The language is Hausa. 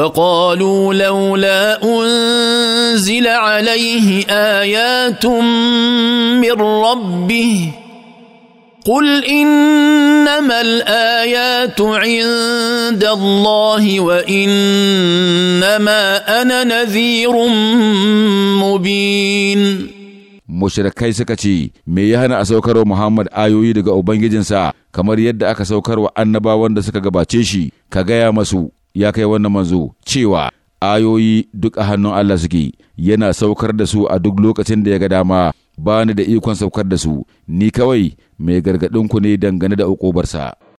وقالوا لولا انزل عليه ايات من ربه قل انما الايات عند الله وانما انا نذير مبين mushrikai suka ce me ya hana a saukar wa Muhammad ayoyi daga Ubangijinsa kamar yadda aka saukar wa annabawan da suka gabace shi ka gaya masu ya kai wannan manzo cewa ayoyi duk a hannun Allah suke yana saukar da su a duk lokacin da ya ga dama ba ni da ikon saukar da su ni kawai mai ku ne dangane da uƙobarsa.